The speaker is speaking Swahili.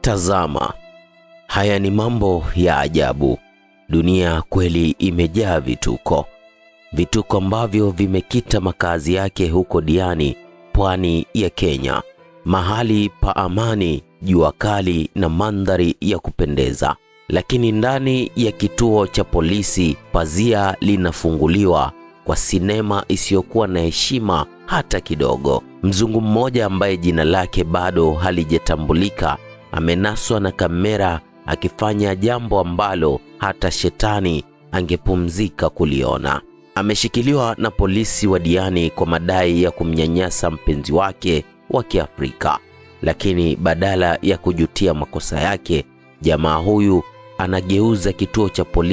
Tazama, haya ni mambo ya ajabu. Dunia kweli imejaa vituko, vituko ambavyo vimekita makazi yake huko Diani, pwani ya Kenya, mahali pa amani, jua kali na mandhari ya kupendeza. Lakini ndani ya kituo cha polisi pazia linafunguliwa kwa sinema isiyokuwa na heshima hata kidogo. Mzungu mmoja ambaye jina lake bado halijatambulika amenaswa na kamera akifanya jambo ambalo hata shetani angepumzika kuliona. Ameshikiliwa na polisi wa Diani kwa madai ya kumnyanyasa mpenzi wake wa Kiafrika, lakini badala ya kujutia makosa yake, jamaa huyu anageuza kituo cha polisi